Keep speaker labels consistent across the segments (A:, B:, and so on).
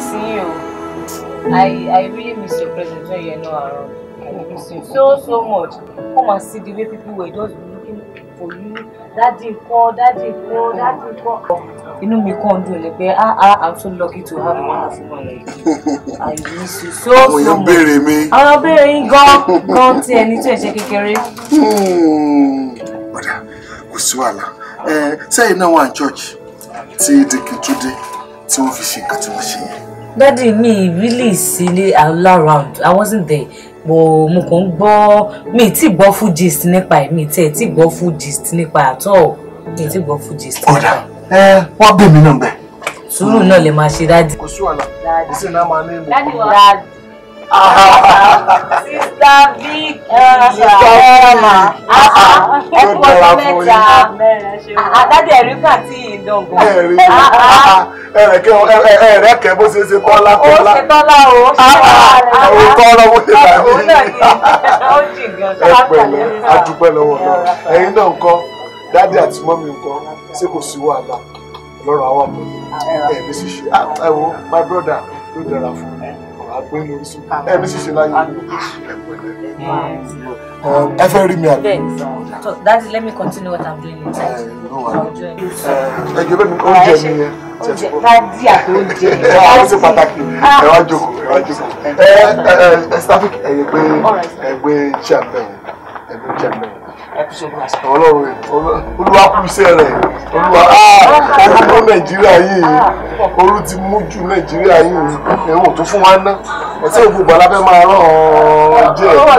A: missing you. Hmm. I, I really miss your presence when you're not around. I miss you so, so much. Come and see the way people were just looking for you. Daddy call, daddy call, daddy call. You know me, kàn dùn lè pé I ah, I ah, I'm so lucky to have a wonderful one like you. I miss you so so much. Àwọn èèyàn béèrè mi. Àwọn béèrè yín gan gan ti ẹni tó carry. ṣe kékeré. Bọ̀dà hmm. Eh, say no one, church See Dìkì tún dé tí wọ́n fi ṣe nǹkan tí wọ́n ṣe yẹn. dádì mi really sílé all around i wasn't there mo mo kàn ń gbọ́ mi ì tí gbọ́ full gist nípa ẹ̀ mi ì tẹ̀ tí gbọ́ full gist nípa at all mi ì tí gbọ́ full gist nípa ọ̀dà ẹ wọ́n bẹ̀ mí náà bẹ̀. sùúrù náà lè máa ṣe dádì. kò sí wàhálà ìsìn náà máa ní ìmọ̀. dádì sista Vicky sista Erma ẹkú ọdún mẹ́ta àdáde ah, ẹríkà tí ìdọgbọn. ẹrẹ kẹ bó ṣe ṣe tọ́lá tọ́lá. ó ṣe tọ́lá o ṣe ah, tọ́lá rẹ. òótọ́ ọ̀rọ̀ mo ṣe tà mí. ẹ pẹ̀lẹ́ adúpẹ́ lọ́wọ́ náà ẹ̀yin náà ń kọ́ dáadé àti mọ́mí ń kọ́ ṣé kò sí wàhálà lọ́rọ̀ àwọn ọmọ ẹ̀mí sì ṣe ẹ̀wọ̀ my brother ló dára fún mi ẹbí ṣiṣẹ́ láyé ẹ fẹ́ rí mi àbí. daddy let me continue what i'm doing inside. ẹ jẹ́ bẹ́ẹ̀ ni oúnjẹ mi yẹn. Dádì àti oúnjẹ. Ẹ wá ṣe pàtàkì. Ah. Ẹ wá jókòó. Ẹ wá jókòó. Ẹ ẹ ẹ Stafik ẹ̀yẹ̀ pé ẹgbẹ́ iṣẹ́ àbẹ̀wò ẹgbẹ́ iṣẹ́ àbẹ̀wò ọlọ́run olúwa kú iṣẹ́ rẹ̀ olúwa olúwa ah, nàìjíríà yìí olú ti mú jù nàìjíríà yìí ẹ̀wọ̀n tó fún wa ná ẹ̀sẹ̀ ògbó bàlá máa rán ọjọ́ ẹ̀ ọjọ́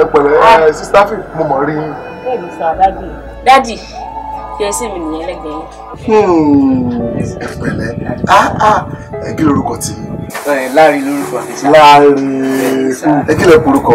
A: ẹ pẹ̀lẹ́ ah. eh, sísá fi mo mọ̀ rí yín. dádì mi nìyẹn lẹ́gbẹ̀ẹ́ yín. Hmm, ah, ẹ kí lorúkọ tí. Eh, láàrin lorúkọ. láàrin eh, ẹ kí lẹ porúkọ.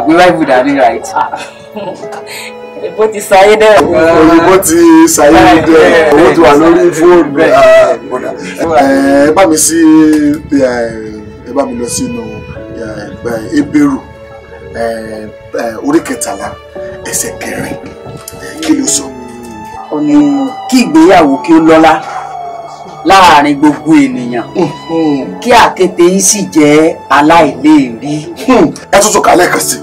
A: àbí rival dání right. Òyìnbó ti sáyé dẹ̀. Òyìnbó eh, ti eh, sáyé dẹ̀. Eh, owó ti wà lórí fóònù bọ́dà. Ẹ bá mi sí ẹ bá mi lọ sínú ebéèrú orí kẹtàlá ẹsẹ̀ kẹrin kí ló sọ. Ó ní kí ìgbéyàwó kí ó lọ́lá láàárín gbogbo ènìyàn hmm, hmm. kí àkété yìí sì jẹ́ aláìléèrí. Hmm, ẹ tún tún kálẹ̀ kan sí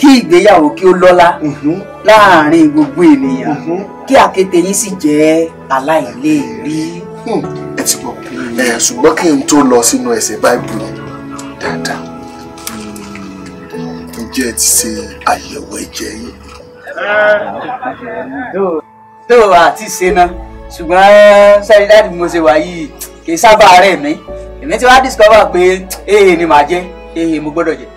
A: kí ìgbéyàwó kí ó lọ́lá mhm. láàrin gbogbo ènìyàn mhm. kí àkété yín sì jẹ́ aláìléèrí. Hmm. ẹ ti gbọ́ ṣùgbọ́n kí n tó lọ sínú ẹsẹ̀ báìbùlù dáadáa ǹjẹ́ ẹ ti ṣe àyẹ̀wò ẹ̀jẹ̀ yín. tó o àti ṣe náà ṣùgbọ́n sẹ́yìn eh, dáàdì mo ṣe wà yìí kì í sábà rẹ̀ mí èmi ti wá discover pé èèyàn eh, ni màá jẹ́ èèyàn eh, mo gbọ́dọ̀ jẹ́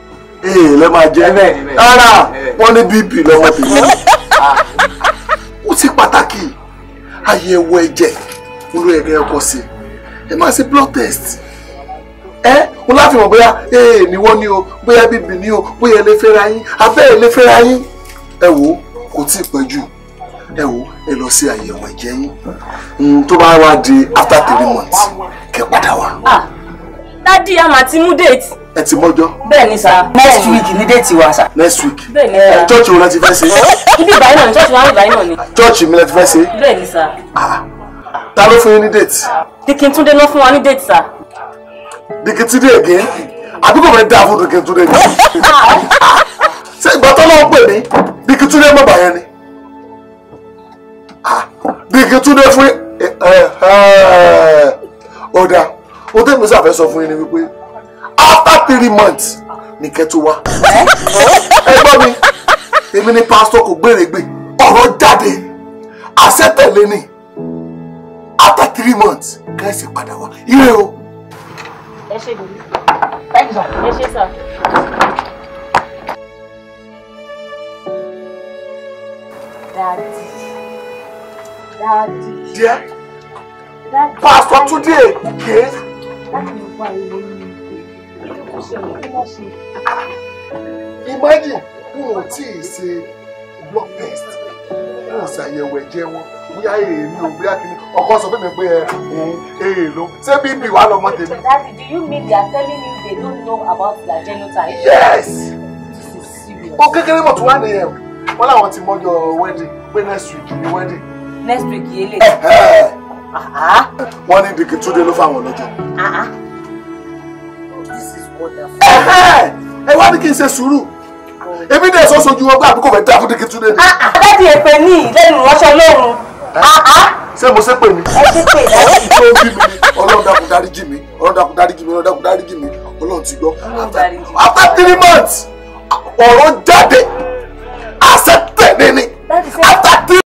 A: ee eh, lẹ máa jẹ rárá wọn ní bp lọmọ tèmi ó ti pàtàkì àyẹ̀wò ẹ̀jẹ̀ olú ẹ̀gẹ́ ọkọ̀ sí ẹ máa ṣe blood test ẹ wọn láti mọ̀ bóyá ee eh, ni wọ́n ní o bóyá bp ní o bóyá ẹ lè fẹ́ra yín abẹ́ ẹ lè fẹ́ra yín ẹ wò ó kò tí ì pẹ́ jù ẹ wò ó ẹ lọ sí àyẹ̀wò ẹ̀jẹ̀ yín hmm, tó bá wá di after three months kẹ́ padà wá. Ah, dádì àmà ti mú déètì ẹ ti mọ́jọ́. bẹ́ẹ̀ni sá next week ni déètì wa sá. next week bẹ́ẹ̀ni church wo la ti fẹ́ ṣe. Eh, ibi ìbáyìí náà ni church wa ìbáyìí náà ni. church mi la ti fẹ́ ṣe. bẹ́ẹ̀ni sá. Ah, ta ló fún yín ní déètì. Dikintúndé ló fún wa ní déètì sá. Dikintúndé again àbí kò fẹ́ dáa fún Dikintúndé ni. ṣé ìgbà tó lọ́wọ́ pè mí Dikintúndé mọ̀ bàyẹn ni. Ah, Dikintúndé fún ọ̀dà eh, eh, ó tẹ́ mi sàfẹ́ sọ fún yín ni wípé after three months ni kẹ́ tó wá. ẹ gbọ́ mi èmi ni pásítọ̀ kò gbèrègbè ọ̀rọ̀ jáde àṣetẹ̀lé ni after three months kẹ́sì padà wá ire o. ẹ ṣe gbòmí ẹ ṣe sà. Daddy. Daddy. Dear. Pastor today, okay? Láti lè wá imagine wọn ò tí ì ṣe blood test wọn ò ṣàyẹ̀wò ẹ̀jẹ̀ wọn bóyá èèlò bóyá kìíní ọkọ sọ fún mi pé òun èèlò ṣé bíbí wàá lọmọ tèmi. Daddy, do you mean they are telling you they don't know about their genotype? Yes. ó oh, kékeré mọ̀ tó wà nìyẹn wọn làwọn ti mọ́jọ wedding pé next week ni wedding. next week yìí eh, lè. Eh. Uh-huh. wọ́n ní dìkì túnde ló fáwọn lọ́jọ́. Uh-huh ẹ wá ní kí n ṣe sùúrù èmi dẹ̀ sọ sojú wọn gbà àbí kò fẹ́ dá fúdíkì tún lẹ́nu. àbẹ́tì èpè ní lẹ́nu ránṣẹ́ lóhun. ṣé mo ṣe pè mí. ẹ ṣe pè náà. ọlọ́run tó bí mi ọlọ́run dákun dáríjì mi ọlọ́run dákun dáríjì mi ọlọ́run dákun dáríjì mi ọlọ́run ti gbọ́. after three months ọ̀rọ̀ jáde àṣẹ tẹ̀lé ni.